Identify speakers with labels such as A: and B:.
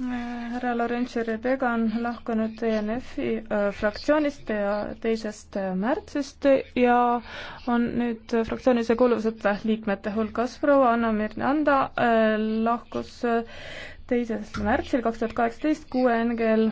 A: härra Laurentsi Rebega on lahkunud ENF-i äh, fraktsioonist ja teisest äh, märtsist ja on nüüd fraktsioonilise kuuluvuseta liikmete hulgas proua Anna-Mirjanda äh, lahkus teisest märtsil kaks tuhat kaheksateist kuue NGL